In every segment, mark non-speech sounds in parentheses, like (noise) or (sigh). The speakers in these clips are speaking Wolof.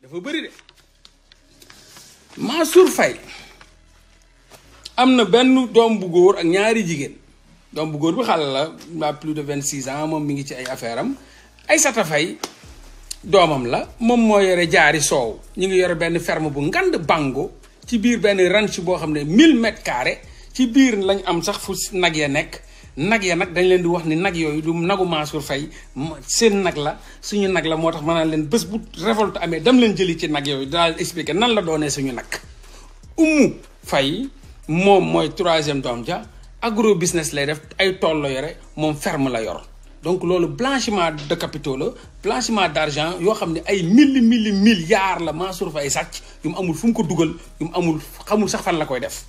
dafa bari de Mansour Faye am na benn doom bu góor ak ñaari jigéen doom bu góor bi xale la la plus de vingt six ans moom mi ngi ci ay affaire am Aïssata Faye doomam la moom moo yore jaari soow ñu ngi yore benn ferme bu ngand bango ci biir benn ranch boo xam ne mille mètres carrés ci biir lañ am sax fu nag ya nekk nag ya nag dañ leen di wax ni nag yooyu du nagu Mansour Faye seen nag la suñu nag la moo tax man na leen bés bu révolte amee dam leen jëli ci nag yooyu daal expliqué nan la doonee suñu nag Oumou Faye moom mooy troisième doom ja agro business lay def ay tool la yore moom ferme la yor donc loolu blanchiment de capitaux la blanchiment d' yoo xam ne ay milli milli milliards la Mansour Faye sàcc yu mu amul fu mu ko dugal yu mu amul xamul sax fan la koy def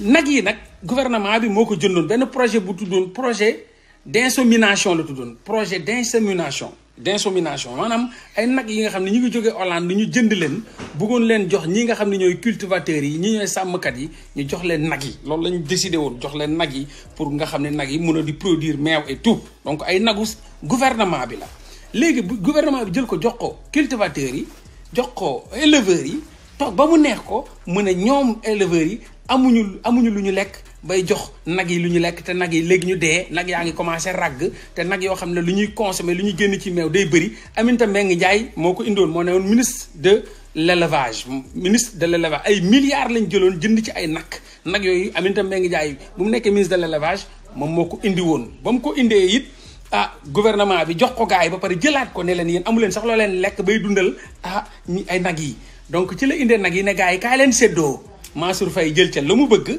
nag yi nag gouvernement bi moko jëndoon ben projet bu tudoon projet d'insémination la tudoon projet d'insémination d'insémination manam ay nag yi nga xamni ñi ngi joggé Hollande ñu jënd leen bëggoon leen jox ñi nga xamni ñoy cultivateur yi ñi ñoy sàmmkat yi ñu jox leen nag yi loolu lañu ñu décidé woon jox leen nag yi pour nga xamni ne nag yi mëna di produire mew et tout donc ay nagu gouvernement bi la légui gouvernement bi jël ko jox ko cultivateur yi jox ko éleveur yi toog ba mu neex ko mëna ne ñoom yi amuñu amuñu lu ñu lekk bay jox nag yi lu ñu lekk te nag yi léegi ñu dee nag yaa ngi commencé ràgg te nag yoo xam ne lu ñuy consommé lu ñuy génn ci meew day bëri Aminata Mbengue Ndiaye moo ko indoon moo ne woon ministre de l'élevage ministre de l'élevage ay milliards lañ jëloon jënd ci ay nag nag yooyu Aminata Mbengue Ndiaye bu mu nekkee ministre de l'élevage moom moo ko indi woon ba mu ko indee it ah gouvernement bi jox ko gars yi ba pare jëlaat ko ne leen yéen amu leen sax loo leen lekk bay dundal ah ñi ay nag yi donc ci la indee nag yi ne gars yi kaay leen séddoo Mansour Faye jël ca la mu bëgg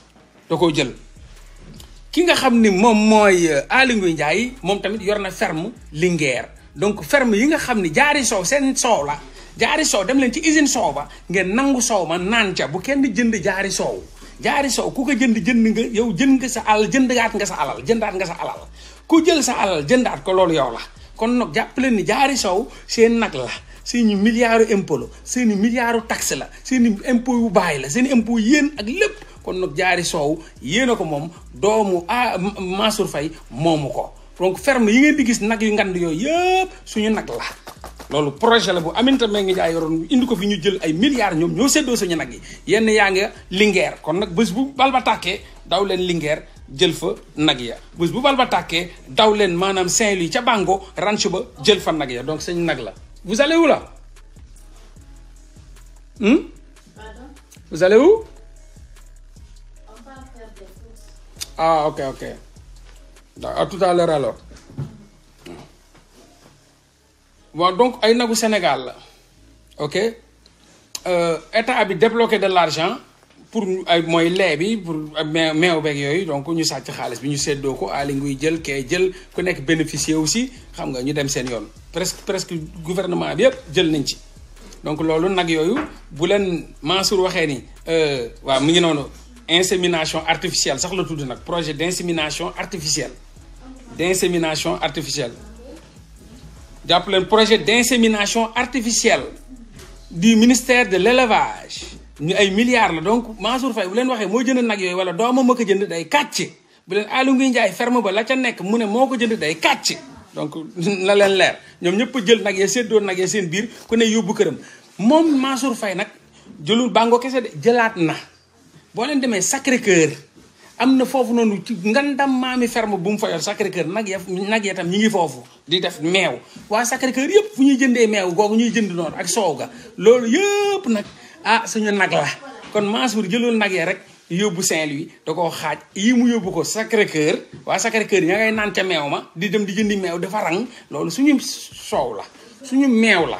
da ko jël ki nga xam ni moom mooy euh, Aly Ngouille Ndiaye moom tamit yor na ferme Linguère donc ferme yi nga xam ni jaari soow seen soow la jaari soow dem leen ci usine soow ba ngeen nangu soow ma naan bu kenn jënd jaari soow jaari soow ku ko jënd jënd nga yow jënd nga sa alal jëndaat at sa alal jëndaat nga sa alal ku jël sa alal jëndaat ko loolu yow la kon nag jàpp leen ni jaari soow seen nag la seeni milliards impôt seen seeni milliards taxe la seeni impôt yu bàyyi la seen impôt yéen ak lépp kon nag jaari soow yéen a ko moom doomu ah Mansour Faye moomu ko donc ferme yi ngeen di gis nag yu ngand yooyu yëpp suñu nag la loolu projet la bu Aminata Mbengue Ndiaye yoroon indi ko fi ñu jël ay milliards ñoom ñoo séddoo sañu nag yi yenn yaa nga Linguère kon nag bés bu bal ba tàkkee daw leen Linguère jël fa nag ya bés bu bal ba tàkkee daw leen maanaam Saint-Louis ca Bango ranch ba jël fa nag ya donc suñu nag la vous allez où là hmm? vous allez où Ah, ok, ok. À tout à l'heure alors. Bon, donc, ay nagu Sénégal la. Ok. Euh, état bi débloqué de l'argent pour ay mooy lait bi pour meew meew beeg donc ñu sàcc xaalis bi ñu séddoo ko aali nguy jël jël ku bénéficier aussi xam nga ñu dem seen presque presque gouvernement bi yëpp jël donc l'eau nag gué bu leen Mansour waxee ni euh, wa mu ngi insémination artificielle sax la tudd nag projet d'insémination artificielle d'insémination artificielle jàpp leen projet d'insémination artificielle du ministère de l'élevage ñu ay milliards donc Mansour Faye vous voulez waxee moo jënd nag yooyu wala doomam la ko jënd day kàcc bu leen Aly Ngouille Ndiaye ferme ba la ca nek mune moko jënd day katch donc la (laughs) len lèr ñom ñëpp jël nak ya séddoon nak ya seen biir ku ne yobbu kërëm mom Mansour Fay nak jëlul bango kessé de jëlat na boo leen demee Sacré Cœur am na foofu noonu ci ngandam maami ferme bu mu fa yor Sacré nag ya nag ya tam ñu ngi foofu di def meew waa Sacré Cœur yëpp fu ñuy jëndee meew googu ñuy jënd noonu ak soow ga loolu yëpp nag ah suñu nag la kon Mansour jëloon nag ya rek yóbbu Saint-Louis da koo xaaj yi mu yóbbu ko sacre Cœur waa Sacré Cœur ña ngay naan ca meew ma di dem di jëndi meew dafa rang loolu suñu soow la suñu meew la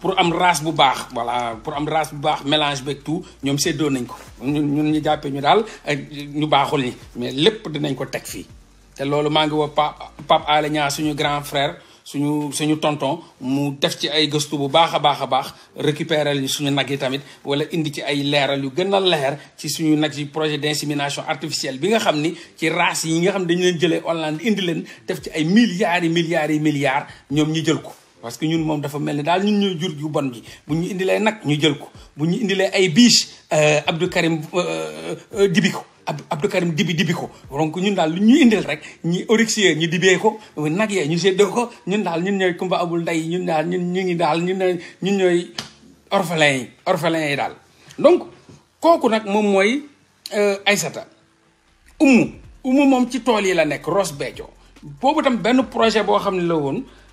pour am race bu baax voilà pour am race bu mélange beeg tout ñoom séddoo nañ ko ñun nous ñu jàppee ñu daal eh, ñu baaxul ñi mais lépp dinañ ko teg fii te loolu maa ngi wa Pa Pape suñu grand frère suñu suñu tonton mu def ci ay gëstu bu baax a baax a récupérer Nous suñu nag yi tamit wala indi ci ay leeral yu gën a ci suñu nag projet d'insémination artificielle bi nga xam ni ci race yi nga xam dañu leen jëlee Hollande indi leen def ci ay milliards yi milliards yi milliards ñoom ñi jël ko parce que ñun moom dafa mel ni daal ñun ñooy jur ju bon ji bu ñu indilee nag ñu jël ko bu ñu indilee ay biche euh, Abdou Karim euh, euh, dibi ko Abdou Karim dibi dibi ko donc ñun daal lu ñu indil rek ñi oryxier ñu dibee ko nag yee ñu séddoo ko ñun daal ñun ñooy kumba abul ndey ñun daal ñun ñu ngi daal ñun ñun ñooy orphelin yi orphelin yi daal donc kooku nag moom mooy Aysata umu umu moom ci tool yi la nekk Ross Béthio boobu tam benn projet boo xam ne la woon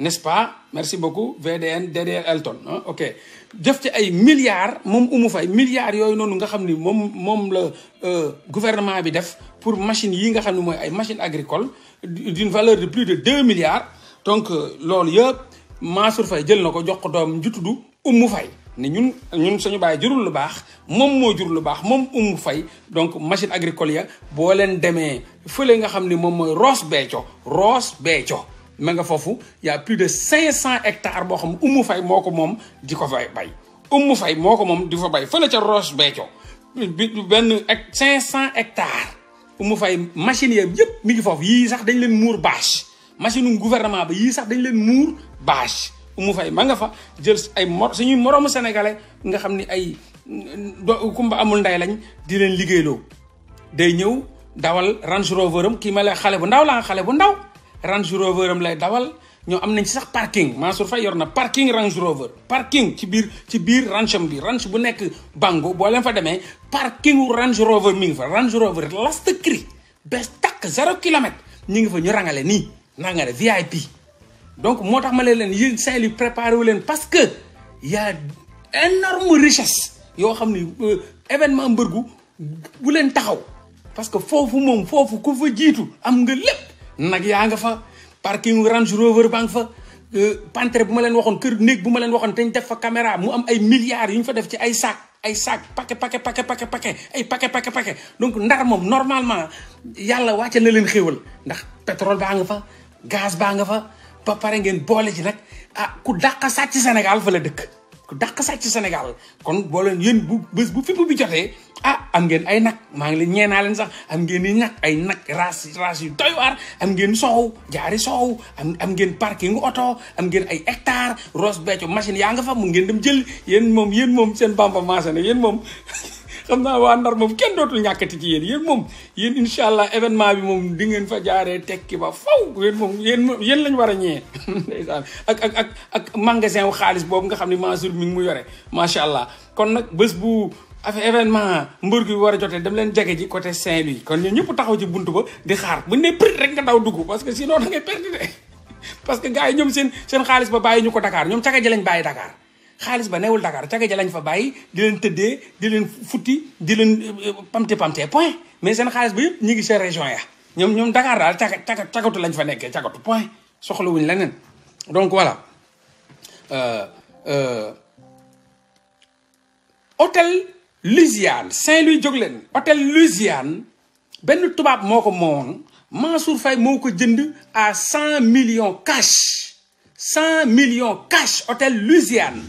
n'est-ce pas merci beaucoup VDN DDR Elton hein? ok milliards des milliards yoy non nga euh, gouvernement bi def pour machine yi nga machines agricoles d'une valeur de plus de 2 milliards donc milliards, euh, yeup Mansour Faye jël nako jox ko fay Ni ñun ñun suñu lu des lu donc machine agricole ya nga ma nga foofu y a plus de 500 hectares boo xam Oumou fay moo ko moom di ko fay bay Oumou Faye moo ko moom di fa bay fële ca Ross Béthio benn ak 500 hectares Oumou Faye machines ya yëpp mi ngi foofu yii sax dañ leen muur bâche machine gouvernement ba yii sax dañ leen muur bâche Oumou Faye ma nga fa jël ay mor suñuy moroomu sénégalais nga xam ni ay kumba amul nday lañ di leen liggéeyloo day ñëw dawal Range Rover am kii ma la xale bu ndaw laa xale bu ndaw Range Rover am lay dawal ñoo am nañ ci sax parking Mansour Faye yor na parking Range Rover parking ci biir ci biir ranch am bi ranch bu nekk Bango boo leen fa demee parkingu Range Rover mi ngi fa Range Rover last cri bees takk zéro kilomètre ñu ngi fa ñu rangale nii rangale VIP donc moo tax ma leen leen yéen Saint-Louis préparé wu leen parce que y a énorme richesse yoo xam ni euh, événement mbërgu bu leen taxaw parce que foofu moom foofu ku fa jiitu am nga lépp nag yaa nga fa parking Range Rover baa nga fa euh, panthère bu ma leen waxoon kër néeg bu ma leen waxoon dañ def fa caméra mu am ay milliards yu ñu fa def ci ay saak ay sac paquet paquet paquet paquet paquet ay paquet paquet paquet donc ndar moom normalement yàlla wàcce na leen xéewal ndax pétrole baa nga fa gaz baa nga fa ba pare ngeen boole ci nag ah ku dàqa sàcc Sénégal fa la dëkk ku dàq sàcc Sénégal kon boo leen yéen bu bés bu fipp bi jotee a ah, am ngeen ay nag maa ngi leen ñeenaa leen sax am ngeen nag ay nag raas yu doy waar am ngeen soow jaari soow am am ngeen parking oto am ngeen ay hectare Ross Béthio machine yaa nga fa mu ngeen dem jël yéen moom yéen moom seen bamba maasé ne yéen moom (laughs) xamna wa ndar mom kenn dotul ñakati ci yeen yeen mom yeen inshallah événement bi mom di ngeen fa jaaré tekki ba faw yeen mom yeen yeen lañ wara a (laughs) ndaysan ak ak ak ak magasin wu xaaliss bobu nga xamni Mansour mi ngi mu yore macha allah kon nak bés bu af événement mbër gi wara a dem leen jégué ji côté Saint-Louis kon ñepp taxaw ci buntu ba di xaar bu ne prit rek nga daw duggu parce que sinon da ngay perdre dé (laughs) parce que gaay ñom seen seen xaaliss ba bàyyi ñuko Dakar ñom caga ji lañ bàyyi Dakar xaalis ba newul Dakar caga ja lañ fa bàyyi di leen tëddee di leen futti di leen euh, pamte pamte point mais seen xaalis ba yëpp ñu ngi seen région ya ñoom ñoom Dakar daal caga caga cagatu lañ fa nekkee cagatu point soxlawuñ leneen donc voilà euh, euh, hôtel Lusiane Saint-Louis jóg leen hôtel Lusiane benn tubaab moo ko moomoon Mansour fay moo ko jënd à cent millions cash cent millions cash hôtel Lusiane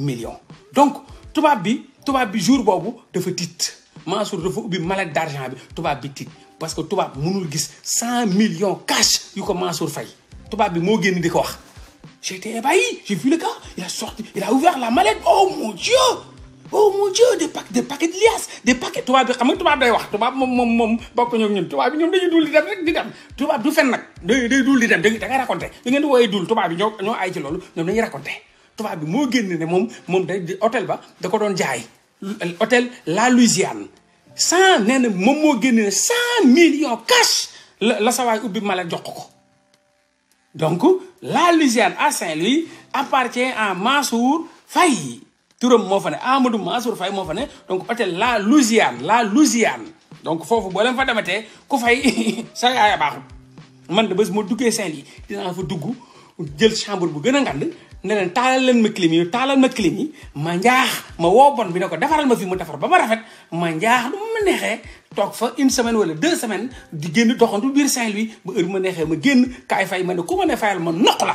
million. donc tubaab bi tubaab bi jour boobu dafa tiit Mansour dafa ubbi malade d'argent bi tubaab bi tiit parce que tubaab mënul gis 100 millions cash yu ko Mansour Faye tubaab bi moo génn di ko wax j'ai été ébahi j'ai vu le gars il a sorti il a ouvert la mallette oh mon dieu oh mon dieu des paquets des paquets de liasses des paquets tubaab bi xam nga tubaab day wax tubaab mom mom mom bokk ñoom ñun tubaab bi ñom dañuy dul di dem rek di dem tubaab du fen nak day day dul di dem da ngay raconter da ngeen di wooyee dul tubaab bi ñoo ay ci lolu ñom dañuy raconter tubaab bi mo génn ne mom moom day hôtel ba da ko don jaay hôtel la Louisiane cent nee na moom moo génn cent millions cash la saway ubi mala jox ko donc la Louisiane à Saint-Louis appartient à Mansour Faye turam mo fane Amadou Mansour Faye mo fane donc hôtel la Louisiane la Louisiane donc fofu bo leen fa demate ku fay (laughs) sa yaaya baaxul man de bés mo duggee Saint-Louis dina fa dugg jël chambre bu gën ngand ne leen taalal leen ma clim yi taalal ma clim yi ma njaax ma woo bon bi ne ko defaral ma fi mu defar ba ma rafet ma njaax lu ma neexee toog fa une semaine wala deux semaine di génn doxantu biir Saint-Louis ba heure ma neexee ma génn kaay fay ma ne ku ma ne fayal ma noq la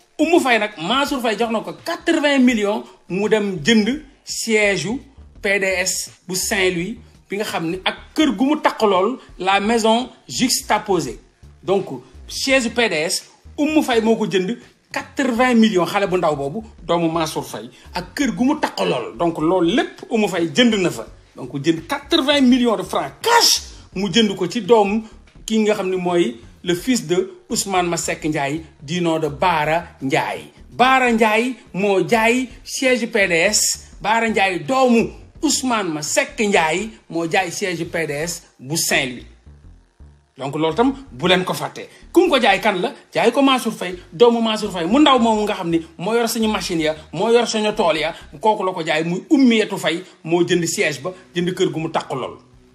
Oumou Faye, Mansour Faye, il 80 millions pour le siège PDS de Saint-Louis. Puis vous savez, à la maison la maison juxtaposée. Donc, siège PDS, Oumou Faye a pris 80 millions de dollars pour le siège de Mansour À la maison Donc, tout ça, Oumou Faye a pris Donc, il a pris 80 millions de francs cash pour le siège de Mansour Faye. le fils de Ousmane ma Ndiaye du nom de Baara Ndiaye Baara Ndiaye moo jaay siège PDS Baara Ndiaye doomu ma Masseck Ndiaye moo jaay siège PDS bu Saint-Louis donc loolu tam bu leen ko fàtte ku mu ko jaay kan la jaay ko Mansour fay doomu Mansour Faye mu ndaw moomu nga xam ni moo yor suñu machine ya moo yor suñu tool ya kooku la ko jaay muy ummiyatu fay moo jënd siège ba jënd kër gu mu takku lool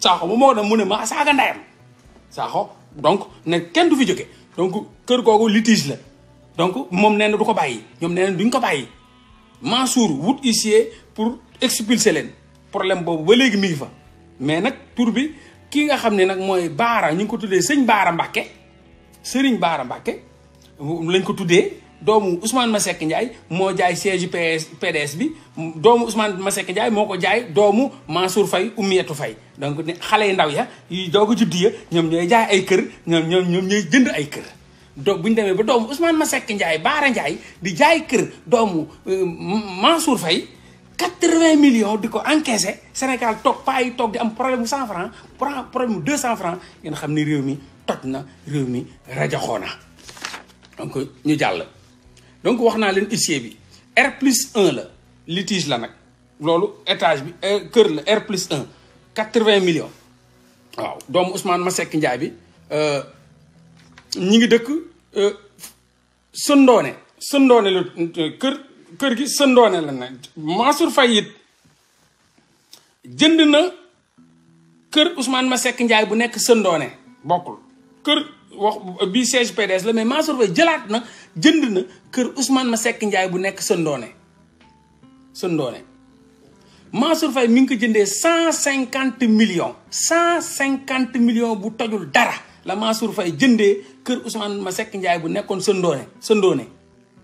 saaxo bu moo dem mu ne maa saaga ndayam saako donc ne kenn du fi jóge donc kër googu litige la donc moom nee na du ko bàyyi ñoom nee duñ ko bàyyi Mansour wut huissier pour expulser leen problème boobu ba léegi mi ngi fa mais nag tur bi ki nga xam ne nag mooy Baara ñu ngi ko tuddee sëñ Baara Mbàkke sëriñ Baara Mbàkke lañ ko tuddee doomu ma Masseck Ndiaye moo jaay siège PS PDS bi doomu ma sekk Ndiaye moo ko jaay doomu fay Faye Oumiatou fay donc xale yu ndaw ya yi doo ko judd ya ñoom ñooy jaay ay kër ñoom ñoom ñoom ñooy jënd ay kër do demee ba doomu Ousmane Masseck Ndiaye Baara Ndiaye di jaay kër doomu euh, Mansour Faye quatre-vingts millions di ko encaissé Sénégal toog paa toog di am problème mu cent franc problème mu deux cent franc ngeen xam ni réew mi toj na réew mi rajaxoo na donc ñu jàll donc wax naa leen huissier bi R plus 1 la litige la nag loolu étage bi euh, kër la R plus 1 vingt millions waaw doomu ma Masseck Ndiaye bi euh, ñu ngi dëkk euh, sëndoone sëndoone la kër kër gi sëndoone la nag Mansour Faye it jënd na kër ma Masseck Ndiaye bu nekk sëndoone bokkul kër wax bi siège PDS la mais Mansour Faye jëlaat na jënd na kër Ousmane Masseck njaay bu nekk Sëndoone Sëndoone Mansour Faye mi ngi ko jëndee cent cinquante millions cent cinquante millions bu tojul dara la Mansour Faye jëndee kër Ousmane Masseck Ndiaye bu nekkoon Sëndoone Sëndoone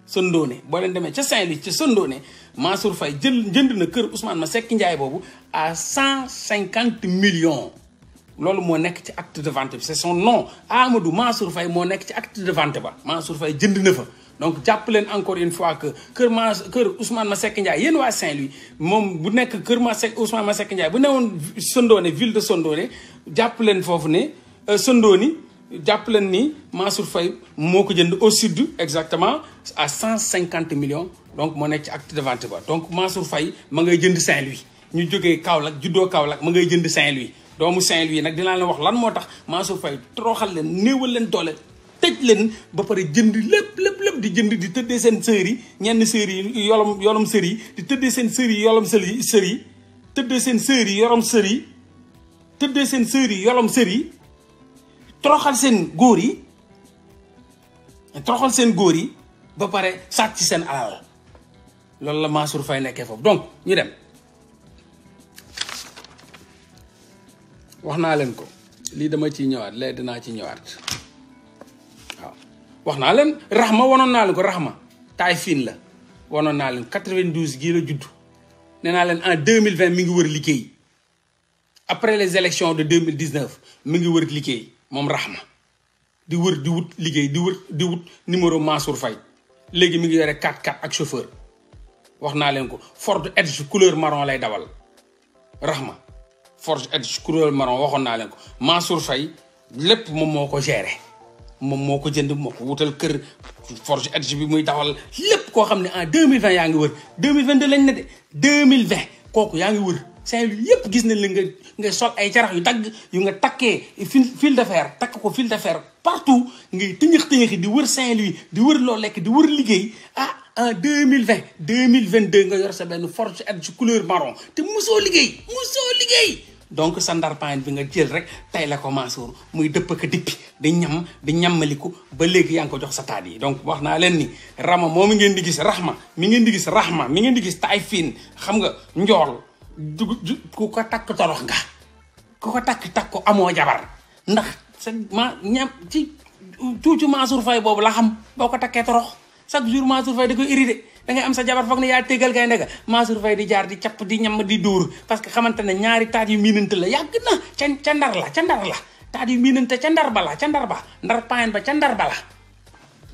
Sëndoone boo leen demee ca Saint-Louis ca Sëndoone Mansour Faye jël jënd na kër Ousmane Masseck Ndiaye boobu à cent cinquante millions loolu mo nek ci acte de vente c'est son nom Amadou Mansour Faye mo nek ci acte de vente ba Mansour Faye jënd na fa donc japp len encore une fois que keur ma keur Ousmane Masseck Ndiaye yéen wa Saint-Louis mom bu nekk kër Masseck Ousmane Masek Ndiaye bu newoon Sondone ville de Sondone japp len fofu ne euh, Sondoni japp len ni Mansour Faye moko jënd au sud exactement à 150 millions donc mo nek ci acte de vente ba donc Mansour Faye ma ngay jënd Saint-Louis ñu joggé Kaolack juddo Kaolack ma ngay jënd Saint-Louis doomu Saint-Louis nag dinaa leen wax lan moo tax Mansour Faye toroxal leen néewal leen doole tëj leen ba pare jënd lépp lépp di jënd di tëddee seen sër yi ñenn sër yi yolom yolom sër yi tëddee seen sër yi yolom sër yi yi tëddee seen sër yi yorom sër yi tëddee seen sër yi yolom sër yi toroxal seen góor yi toroxal seen góor yi ba pare sàcc seen alal loolu la Mansour fay nekkee foofu donc ñu dem wax naa leen ko lii dama ciy ñëwaat lee dinaa ci ñëwaat waaw wax naa leen raxma wanoon naa leen ko raxma taay fiin la wanoon naa leen 92 gii la juddu nee naa leen en 2020 mi ngi wër liggéey après les élections de 2019 mi ngi wër liggéey moom raxma di wër di wut liggéey di wër di wut numéro Mansour Faye léegi mi ngi yore 4 x ak chauffeur wax naa leen ko Ford Edge couleur marron lay dawal raxma forge et kuréel maron waxoon naa leen ko Mansour Faye lépp moom moo ko géré moom moo ko jënd moo ko wutal kër forge et bi muy dawal lépp koo xam ne en deux mille vingt yaa ngi wër deux mille lañ ne de deux mille vingt kooku yaa ngi wër Saint-Louis yëpp gis nañ la nga nga sol ay carax yu dagg yu nga takkee fil fil de fer takk ko fil de fer partout ngay tëñëx tëñëxi di wër Saint-Louis di wër loo lekk di wër liggéey ah en deux mille vingt deux mille vingt deux nga yor sa benn forge et couleur marron te musoo liggéey donc sandar pain bi nga jël rek tay la ko Mansour muy depp ke dipi di ñam di maliku ba légui yang ko jox sa donc wax ni rama moom ngeen di gis rahma mi ngeen di gis taifin. mi ngeen di gis taay xam nga ndjol ku ko tak torox nga ku ko tak tak ko amo jabar ndax sa ma ñam ci tuju Mansour fay bobu la xam boko takke torox chaque jour Mansour fay da ko irrité da ngay am sa jabar foog ne yaa tégal gaynde ga Mansour fay di jaar di capp di ñam di dóor parce que xamante ne ñaari taat yu minent la yàgg na ca ca ndar la ca ndar la taat yu minent ca ndar ba la ca ndar ba ndar payen ba ca ndar ba la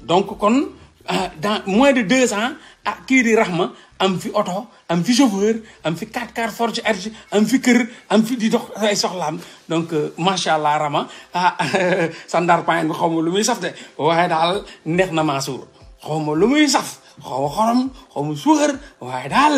donc kon ah, dans moins de deux ans ah kii di Rahma am fi oto am fi chauffeur am fi 4 x forge RG am fi kër am fi di dox ay soxlaam donc euh, macha allah Rahma ah (laughs) sa ndar payen bi lu muy saf de waaye daal neex na lu muy saf. xaw ma xorom xaw ma suukar waaye daal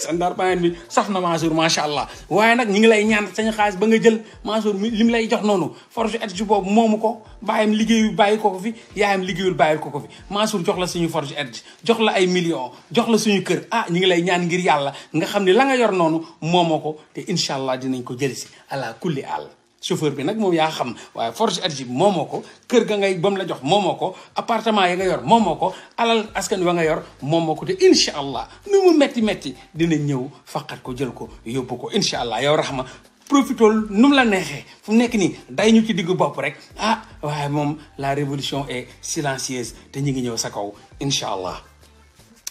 standard (laughs) pain bi sax na Mansour macha allah waaye nag ñu ngi lay ñaan sañ xaalis ba nga jël Mansour mi li mu lay jox noonu force étude boobu moomu ko bàyyam liggéeyu bàyyi ko ko fi yaayam liggéeyul bàyyi ko ko fi Mansour jox la suñu force étude jox la ay million jox la suñu kër ah ñu ngi lay ñaan ngir yàlla nga xam ne la nga yor noonu moomoo ko te incha allah dinañ ko jëli si ala kulli àll chauffeur bi nag moom yaa xam waaye force argib moomoo ko kër ga ngay ba la jox moomoo ko appartement yi nga yor moomoo ko alal askan wa nga yor moomoo ko te incha allah nu mu metti metti dina ñëw faqat ko jël ko yóbbu ko incha allah yow raxma profitool nu mu la neexee fu mu nekk nii day ñu ci diggu bopp rek ah waaye moom la révolution et silencieuse te ñu ngi ñëw sa kaw incha allah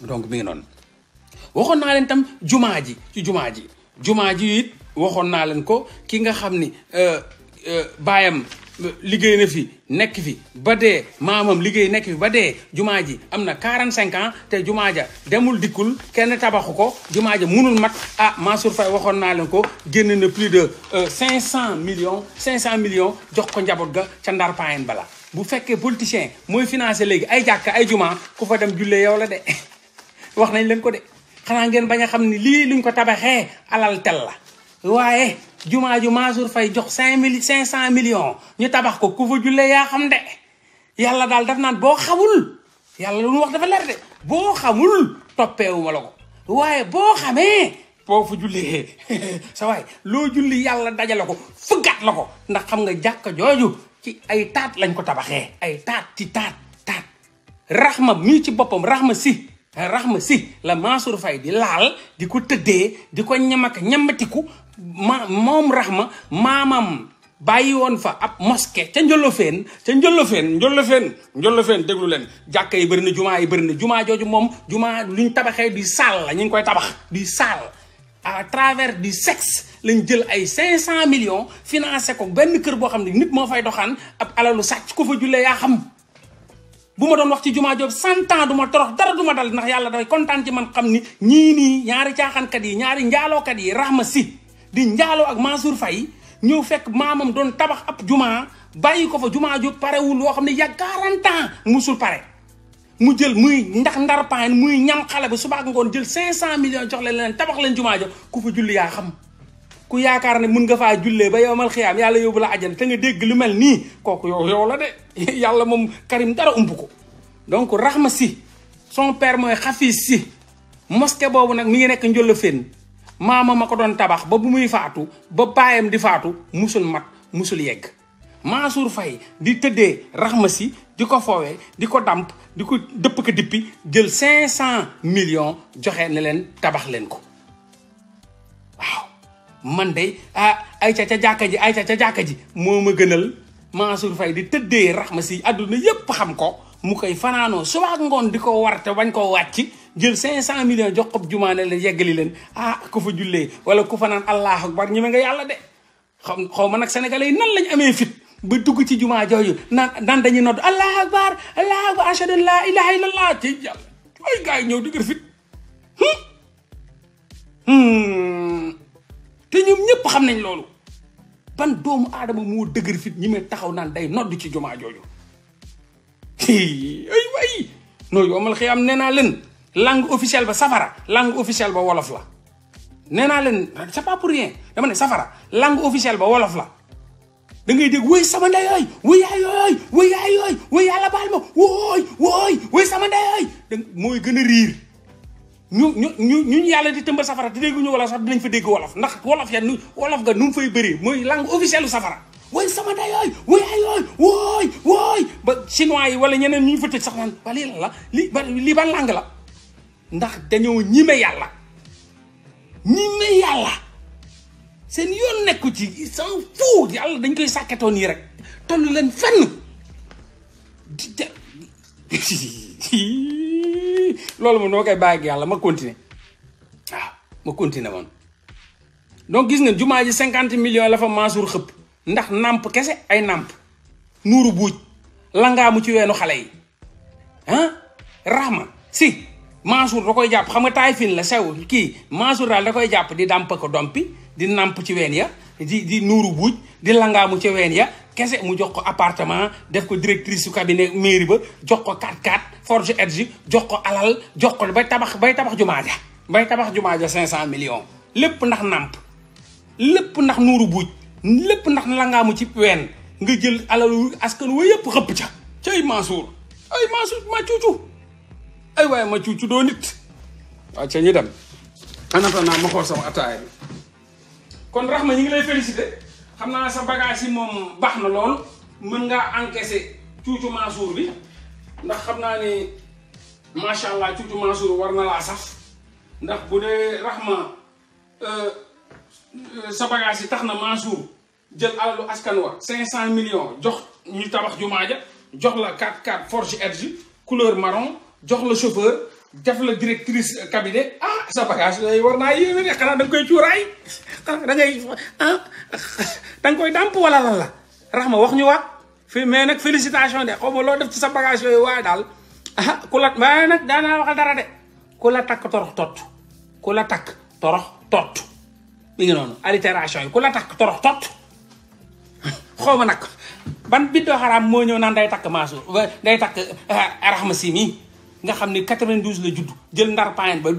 donc mi ngi noonu waxoon naa leen tam jumaa ji ci jumaa ji jumaa ji it waxoon naa leen ko ki nga xam ni euh, euh, baayam euh, liggéey na fi nekk fi ba dee maamam liggéey nekk fi ba dee jumaa ji am na 45 ans te jumaa ja demul dikkul kenn tabaxu ko jumaa ja munul mat ah Mansour Faye waxoon naa leen ko génn na plus de million cinq cent millions jox ko njaboot ga ca ndar paayen bala bu fekkee politicien mooy financé léegi ay jàkka ay jumaa ku fa dem jullee yow la de (laughs) wax nañ leen ko de xanaa ngeen bañ a xam ni lii luñ ko tabaxee alal la waaye jumaa ju Mansour fay jox cinq mille cinq cent million ñu tabax ko ku fa jullee yaa xam de yàlla daal daf naan boo xamul yàlla lu mu wax dafa leer de boo xamul toppeewuma la ko waaye boo xamee boo fa jullee (laughs) sa waay loo julli yàlla dajale ko fëggat la ko ndax xam nga jàkka jooju ci ay taat lañ ko tabaxee ay taat ci taat taat raxma mii ci boppam raxma si raxma si la Mansour fay di laal di ko tëddee di ko ñamaka ñamatiku ma moom raxma maamam bàyyi woon fa ab mosquée ca njolofeen ca njolofeen njolofeen njolofeen déglu leen jàkka yi bëri na jumaa yi bëri na jumaa jooju moom jumaa luñ tabaxee di saal la ñu ngi koy tabax di saal à travers du sexe lañ jël ay cinq cent millions finance ko benn kër boo xam ne nit moo fay doxaan ab alalu sàcc ko fa jullee yaa xam buma don wax ci juma job 100 ans duma torox dara duma dal ndax yalla day kontaan ci man xamni ñi ni ñaari chaxan kat yi ñaari njaalo kat yi rahma si di njaalo ak Mansour fay ñëw fek mamam don tabax ap juma bayiko fa juma job paré loo lo xamni ya 40 ans musul paré mu jël muy ndax ndar paan muy ñam xalé bi subaak ngon jël 500 millions jox leen tabax leen juma job ku fa julli ya xam ku yaakar ne mun nga fa julle ba yowmal khiyam yalla yóbbu la ajjana te nga deg lu mel nii yow yow la de (laughs) yalla mom karim dara ump ko donc rahma si son père moy xafis si mosquée bobu nak mi ngi nekk Ndiolofène fen mama mako don tabax ba bu muy faatu ba di faatu musul mat musul yegg Mansour fay di tëddee rahma si di fowé diko damp di depp ke dipi dippi jël 500 millions joxé ne len tabax len ko man de ah ayca ca jàkka ji ayca ca jàkka ji moom ma gënal Mansour Faye di tëddee raxma si àdduna yépp xam ko mu koy fanaanoo suba ak ngoon di ko war te bañ koo wàcc jël 500 millions jox ko jumaane la yeggali leen ah ku fa jullee wala ku fanaan naan allahu akbar ñeme nga yàlla de. xam xaw ma nag sénégalais nan lañ amee fit ba dugg ci jumaa jooju naan naan dañuy nodd allahu akbar allahu akbar ashhadu an laa ilaha laa ci yàlla ay gars yi ñëw dëgër fit. Hmm? Hmm. te ñoom ñëpp xam nañ loolu ban doomu aadama moo dëgër fit ñu may taxaw naan day nodd ci jumaa jooju ay way noo yoomal xëy am nee naa leen langue officielle ba safara langue officielle ba wolof la nee naa leen c'est pas dama ne safara langue officielle ba wolof la da ngay dégg woy sama ndeyooy woy yaay yooy woy yaay yooy woy yàlla baal ma wooy wooy woy sama ndeyooy mooy gën a riir ñu ñu ñu ñu yàlla di tëmba safara te dégguñu wolof sax dinañ fa dégg wolof ndax wolof ya nu wolof nga nu mu fay bëri mooy langue officielle safara. woy sama day yooyu woy ay yooyu wooy wooy ba chinois yi wala ñeneen ñu ñu fa tëj sax naan ba lii lan la lii ba lii ban langue la ndax dañoo ñime yàlla ñime yàlla seen yoon nekku ci s'en fout yàlla dañ koy sàkketoo nii rek tollu leen fenn. (laughs) loolu moom noo koy bàyyi yàlla ma continuer waaw ah, ma continuer man donc gis nga jumaa ji cinquante millions la fa Mansour xëpp ndax nàmp kese ay nàmp nuuru buuj langaamu ci weenu xale yi ah rahma si Mansour da koy jàpp xam nga taay fin la sew kii Mansour daal da koy jàpp di dàmp ko dompi di nàmp ci ween ya di di nuru buj di langaamu ci ween ya kese mu jox ko appartement def ko directrice su cabinet mairie ba jox ko 4-4 forge edge jox ko alal jox ko bay tabax bay tabax jumaaja bay tabax jumaaja 500 millions lepp ndax namp lepp ndax nuru buj lepp ndax langaamu ci ween nga jël alal askan wo yep xep ca cay mansour ay mansour ma cuucu ay way ma cuucu do nit wa ci ñi dem fa na ma xor sama attaay kon Rahma ñi ngi lay félicité xam naa sa bagage yi moom baax na lool mën ngaa encaissé cuucu Mansour bi ndax xam naa ni macha allah cuucu Mansour war na laa saf ndax bu dee Rahma euh, sa bagage yi tax na Mansour jël alalu askan wa 500 million jox ñu tabax jumaa ja jox la 4 4 Forge Edge couleur marron jox la chauffeur. def la directrice cabinet ah sa bagage yooyu war naa yéeme de xanaa da koy cuuraay da ngay ah da ah, koy dàmp wala lan la raxma wax ñu waat fi mais nag félicitation de xaw loo def ci sa bagage yooyu waaye daal ah ku la nag daanaa waxal dara de ku takk torox tott ku la takk torox tott mi ngi noonu allitération yi ku la takk torox tott xaw ma nag ban biddoo xaraam moo ñëw naan day takk maasu day takk ah, raxma si nga xamni 92 la judd jël ndar payen ba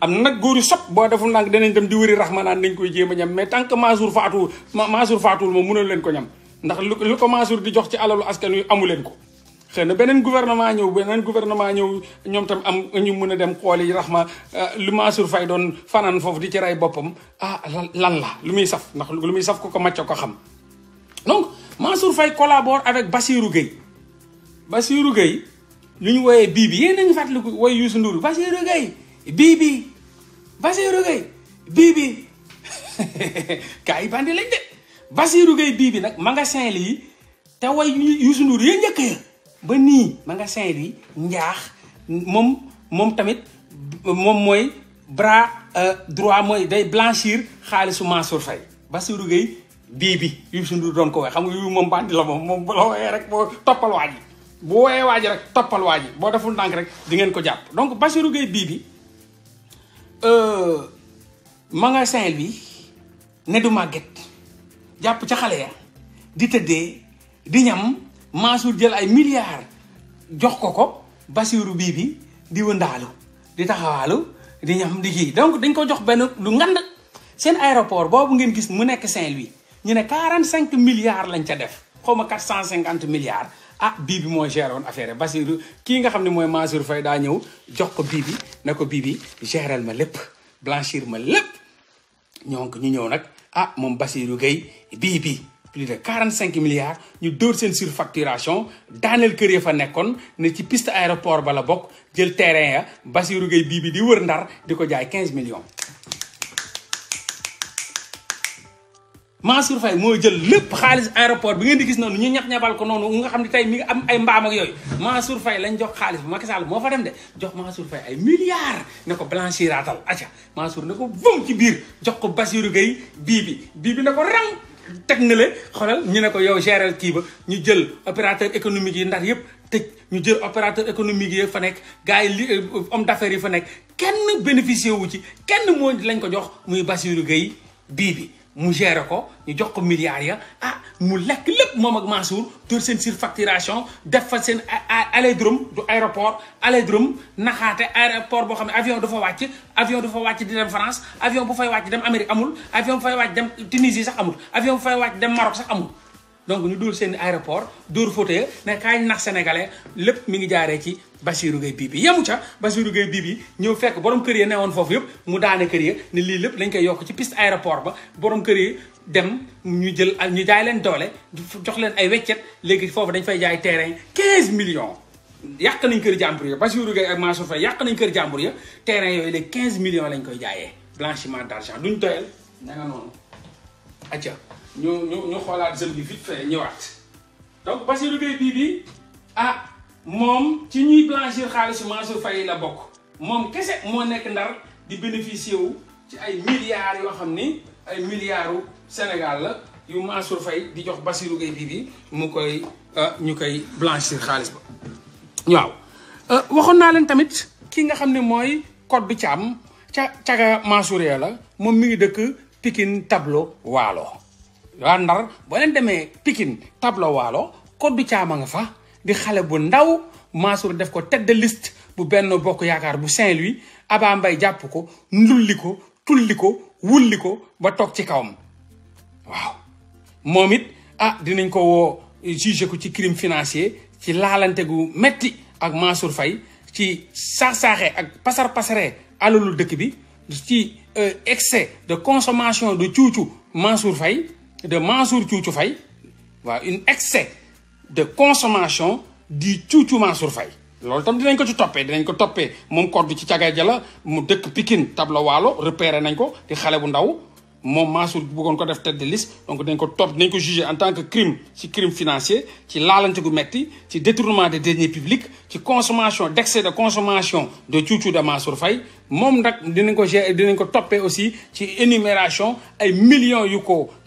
am nak nag yu sop bo defu ndànk danañ dem di wëri rahmanan dañ koy jema ñam mais tank que Mansour Fatou Mansour Fatou moom mënul leen ko ñam ndax lu ko Mansour di jox ci alalu askan wi amu leen ko xëy benen gouvernement ñew benen gouvernement ñew ñom tam am ñu mëna dem xoli rahma euh, lu Mansour fay doon fanan fofu di ci ray bopam ah lan la lu muy saf ndax lu muy saf ko ko macca ko xam donc Mansour fay collabore avec basirou Gueye basirou Gueye lu ñu wooyee bii bi yéen a ngi fàttaliku wooy Youssou Ndour Bassirou Gueye bii bi Bassirou bii bi (laughs) gars yi bii bi nag ma nga Saint-Louis te way Youssou Ndour yee njëkk ya ba nii ma nga Saint-Louis njaax moom moom tamit moom mooy bras euh, droit mooy day blanchir xaalisu Mansour Faye Bassirou Gueye bii bi Youssou Ndour doon ko way xam nga yu moom bandi la moom moom bu rek moo toppal waaj bu woowee waa rek toppal waa ji boo deful ndànk rek di ngeen ko jàpp donc Bassirou gay bii bi euh, ma nga ne du màgget jàpp ca xale ya di tëddee di ñam Mansour jël ay milliards jox ko ko Bassirou bii bi di wëndaalu di taxawaalu di ñam di kii donc dañ ko jox benn lu ngand seen aéroport boobu ngeen gis mu nekk Saint-Louis ñu ne 45 milliards lañ ca def xaw 450 milliards ah bii bi moo géré woon affaire Basirou kii nga xam ne mooy Mansour Faye daa ñëw jox ko bii bi ne ko bii bi géréel ma lépp blanchir ma lépp ñoo ñu ñëw nag ah moom Basirou Gueye bii bi plus de 45 milliards ñu dóor seen surfacturation daaneel kër yi fa nekkoon ne ci piste aéroport ba la bokk jël terrain ya Basirou Gueye bii bi di wër ndar di ko jaay quinze millions. Mansour Faye mooy jël lépp xaalis aéroport bi ngeen di gis noonu ñu ñax ñabal ko noonu nga xam ne tey mi am ay mbaam ak yooyu Mansour Faye lañ jox xaalis bi Macky Sall moo fa dem de jox Mansour Faye ay milliards ne ko blanchiraatal aca Mansour ne ko vëm ci biir jox ko Bassirou Gueye bii bi bii bi ne ko rang teg na le xoolal ñu ne ko yow gérer kii ba ñu jël opérateur économique yi ndax yëpp tëj ñu jël opérateur économique yi fa nekk gars yi li euh, homme d'affaires yi fa nekk kenn bénéficié wu ci kenn moo lañ ko jox muy Bassirou Gueye bii mu géré ko ñu jox ko milliards ya ah mu lekk lépp moom ak Mansour dóor seen surfacturation def fa seen aérodrome du aéroport aérodrome naxaate aéroport boo xam ne avion dafa wàcc avion dafa wàcc di dem France avion bu fay wàcc dem Amérique amul avion bu fay wàcc dem Tunisie sax amul avion bu fay wàcc dem Maroc sax amul donc ñu dóor seen aéroport dóor fauteuil ne kaay nax sénégalais lépp mu ngi jaaree ci Bassirou Gueye bii bi yemu ca Bassirou Gueye bii bi ñëw fekk borom kër ya newoon foofu yëpp mu daane kër ya lépp lañ koy yokk ci piste aéroport ba borom kër ya dem ñu jël ñu jaay leen doole jox leen ay weccet léegi foofu dañ fay jaay terrain 15 millions yàq nañ kër jàmbur ya Bassirou Gueye ak Mansour Faye yàq nañ kër jàmbur ya terrain yooyu léegi 15 millions lañ koy jaaye blanchiment d' argent duñ doyal na nga noonu acca ñu ñu ñu xoolaat jeune bi vite fait ñëwaat donc Bassirou Gueye bii bi ah moom ci ñuy blanchir xaalisu Mansour Faye la bokk moom kese moo nekk ndar di bénéficier wu ci ay milliards yoo xam ni ay milliare u Sénégal la yu Mansour fay di jox Bassirou Gueye bii bi mu koy ah, ñu koy blanchir xaalis ba waaw ah, waxoon naa leen tamit ki nga xam ne mooy code bi am ca caga Mansour la moom mi ngi dëkk Pikine Tableau Waalo waa Ndar boo leen Pikine tableau waalo koddu caama nga fa di xale bu ndaw Mansour def ko tête de liste bu benno bokk yaakar bu Saint-Louis Aba mbay japp ko ndulliko tulliko wulliko ba tok ci kawam waaw momit ah dinañ ko juge ko ci crime financier ci laalante gu metti ak Mansour fay ci sar saaxe ak à pasare de dëkk bi ci euh, excès de consommation de chouchou Mansour Faye de Mansour Tchouchou Faye, une excès de consommation du Tchouchou Mansour Faye. loolu tam dinañ ko ci toppee dinañ ko toppee mon corps ci Cagay Jalla mu dëkk Pikine tableau waalo l'eau repère, ko di xale bu ndaw mon Mansour bëggoon ko def tête de liste donc dinañ ko topp dinañ ko juger en tant que crime ci crime financier ci laalante gu metti ci détournement des deniers publics ci consommation d'excès de consommation de cuucu de Mansour Faye Mon nag dinañ ko gé dinañ ko toppee aussi ci énumération ay millions yu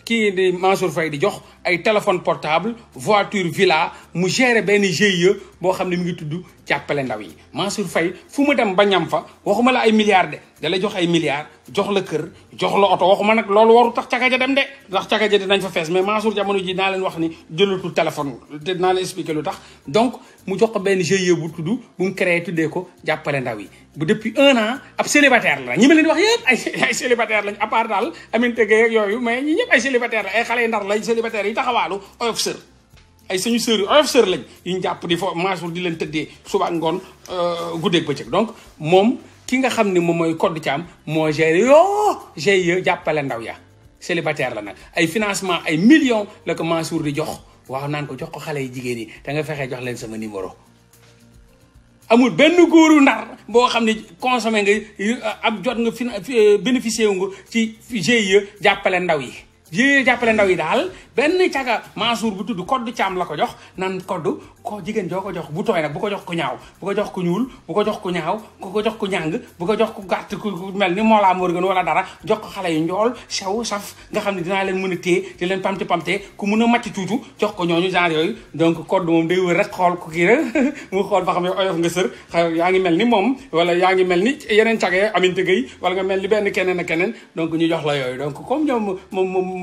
kii di Mansour Faye di jox ay téléphone portable voiture villa mu géré ben GIE bo xamné ne mi ngi tudd jàppale ndaw yi Mansour fay fu mu dem ba ñam fa waxuma la ay milliards de da la jox ay milliards jox la kër jox la auto waxuma nak loolu waru tax ciaga ja dem dé ndax ciaga ja dinañ fa fess mais Mansour jamono ji na leen wax ni jëlatul téléphone te naa leen expliqué lu donc mu jox ko benn GIE bu tudd bu mu créé tuddé ko jàppale ndaw yi bu depuis un an ab célibataire la ñi ma leen wax yépp ay ay célibataire lañ à part daal Aminata Gueye ak yoyu mais ñi ñëpp ay célibataire la ay xalé ndar lañ célibataire yi day taxawaalu oyof sër ay suñu sër yu oyof sër lañ yuñ jàpp di fo Mansour di leen tëddee suba ak ngoon euh, guddeeg bëccëg donc moom ki nga xam ne moom mooy Codé Thiam moo géré yoo GIE jàppale ndaw ya célibataire la nag ay financement ay millions la ko Mansour di jox waaw naan ko jox ko xale yi jigéen yi te nga fexee jox leen sama numéro amul benn góoru ndar boo xam ne consommé nga ab jot nga euh, bénéficié wu nga ci GIE jàppale ndaw yi yée jàppale ndaw yi daal benn caga Mansour bu tudd kodd caam la ko jox nan kodd ko jigéen joo ko jox bu tooy nag bu ko jox ku ñaaw bu ko jox ku ñuul bu ko jox ku ñaaw bu ko jox ku ñàng bu ko jox ku gàtt ku mel ni Mollah Morgun wala dara jox ko xale yu njool sew saf nga xam ne dinaa leen mën a téye di leen pamti pamte ku mun a màcc tuutu jox ko ñooñu genre yooyu donc kodd moom day wër rek xool ku kii rek (laughs) mu xool ba xam ne oyof nga sër xaw yaa ngi mel ni moom wala yaa ngi mel ni yeneen caga Aminata Gueye wala nga mel ni benn keneen ak keneen donc ñu jox la yooyu donc comme moom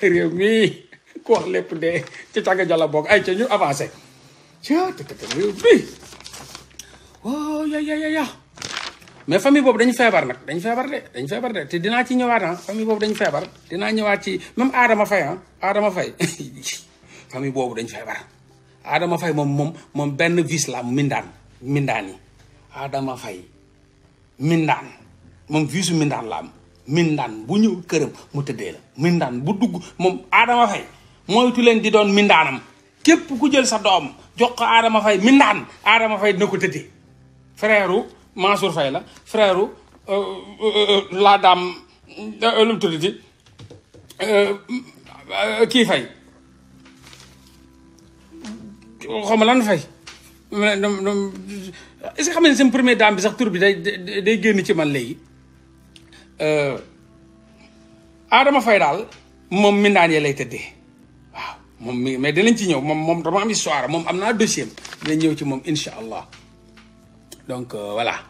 Riumi, kuah lep deh, de ci tàgg jàlla bokk ay ca oh ya ya ya ya mais fami bobu dañu febar nak dañu febar de dañu febar de te dina ci ñëwaat ah (laughs) fami bobu dañu febar dina ñëwaat ci même Adama fay ah Adama fay fami bobu dañu febar Adama fay mom mom mom ben vis la mindan, mindani. Adama fay mindan mom visu mindan la am mindaan bu ñëw këram mu tëddee la mindaan bu dugg moom Adama Faye moytu leen di doon mindaanam képp ku jël sa doom jox ko Adama Faye la frère u euh, euh, euh, la dame lu mu tuddati kii Faye xaw xam ne seen première dame bi sax tur bi day day génn ci man léegi aadama euh, fay daal moom mindaan ya lay tëddee waaw moom mi mais dinañ ci ñëw moom moom dama am histoire moom am naa dossier dinañ ñëw ci moom insha allah donc euh, voilà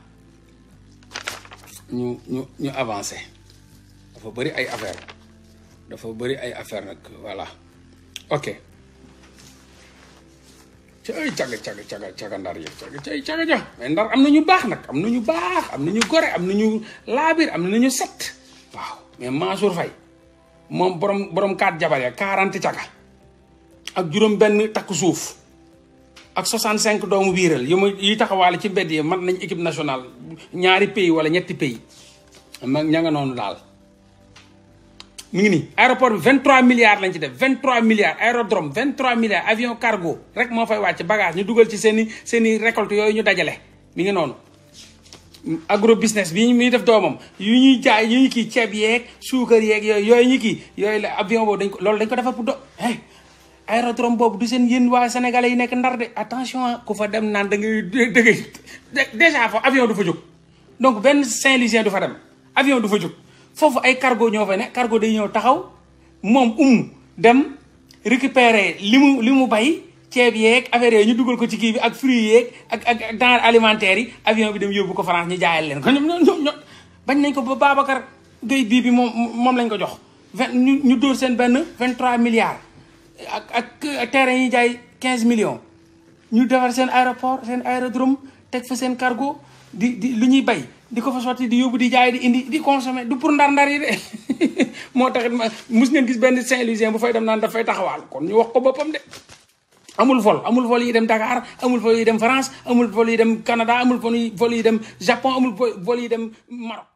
ñu ñu ñu avancé dafa bëri ay affaire dafa bëri ay affaire nag voilà ok cey caga caga caga caga ndar ya caga cey caga ja mais ndar am nañu baax nag am nañu baax am nañu gore am nañu laabir am nañu set waaw mais mansour fay moom borom borom kaat jabar ya 40 caga ak juróom benn takk suuf ak 65 doomu biiral yu ma yi taxawaale ci mbedd yi man nañ équipe nationale ñaari pays wala ñetti pays ma ña nga noonu daal mi ngi nii aéroport bi 23 milliards lañ ci def 23 milliards aérodrome 23 milliards avion cargo rek moo fay wàcc bagage ñu dugal ci seeni seeni seen récolte yooyu ñu dajale mi ngi noonu. agro business bi muy def doomam yu ñuy jaay yu ñu kii ceeb yeeg suukar yeeg yooyu yooyu ñu kii yooyu la avion boobu dañ ko loolu dañ ko defar pour do aérodrome boobu du seen yéen waa sénégalais yi nekk ndar de attention ah, ku fa dem naan da ngay da ngay dèjà fa avion du fa jóg donc benn Saint-Louisien du fa dem avion du fa jóg. foofu ay cargo ñoo fa ne cargo day ñëw taxaw moom um dem récupérer li mu li mu bay ceeb yeeg affaire yooyu ñu dugal ko ci kii bi ak fruits yeeg ak ak denrées alimentaires yi avion bi dem yóbbu ko France ñu jaayal leen ko ñoom ñoom bañ nañ ko ba Babacar Gueye bii bi moom moom lañ ko jox vingt ñu ñu dóor seen benn vingt trois milliards ak ak terrain yi jaay quinze millions ñu defar seen aéroport seen aérodrome teg fa seen cargo di di li ñuy bay di ko fa sotti di yóbbu di jaay di indi di consommer du pour ndar-ndar yi de (laughs) moo taxit ma mus ngeen gis benn Saint-Louisien bu fay dem naan dafay taxawaal kon ñu wax ko boppam de. amul vol amul vol yi dem Dakar amul vol yi dem France amul vol yi dem Canada amul vol yi dem Japon amul vol yi dem Maroc.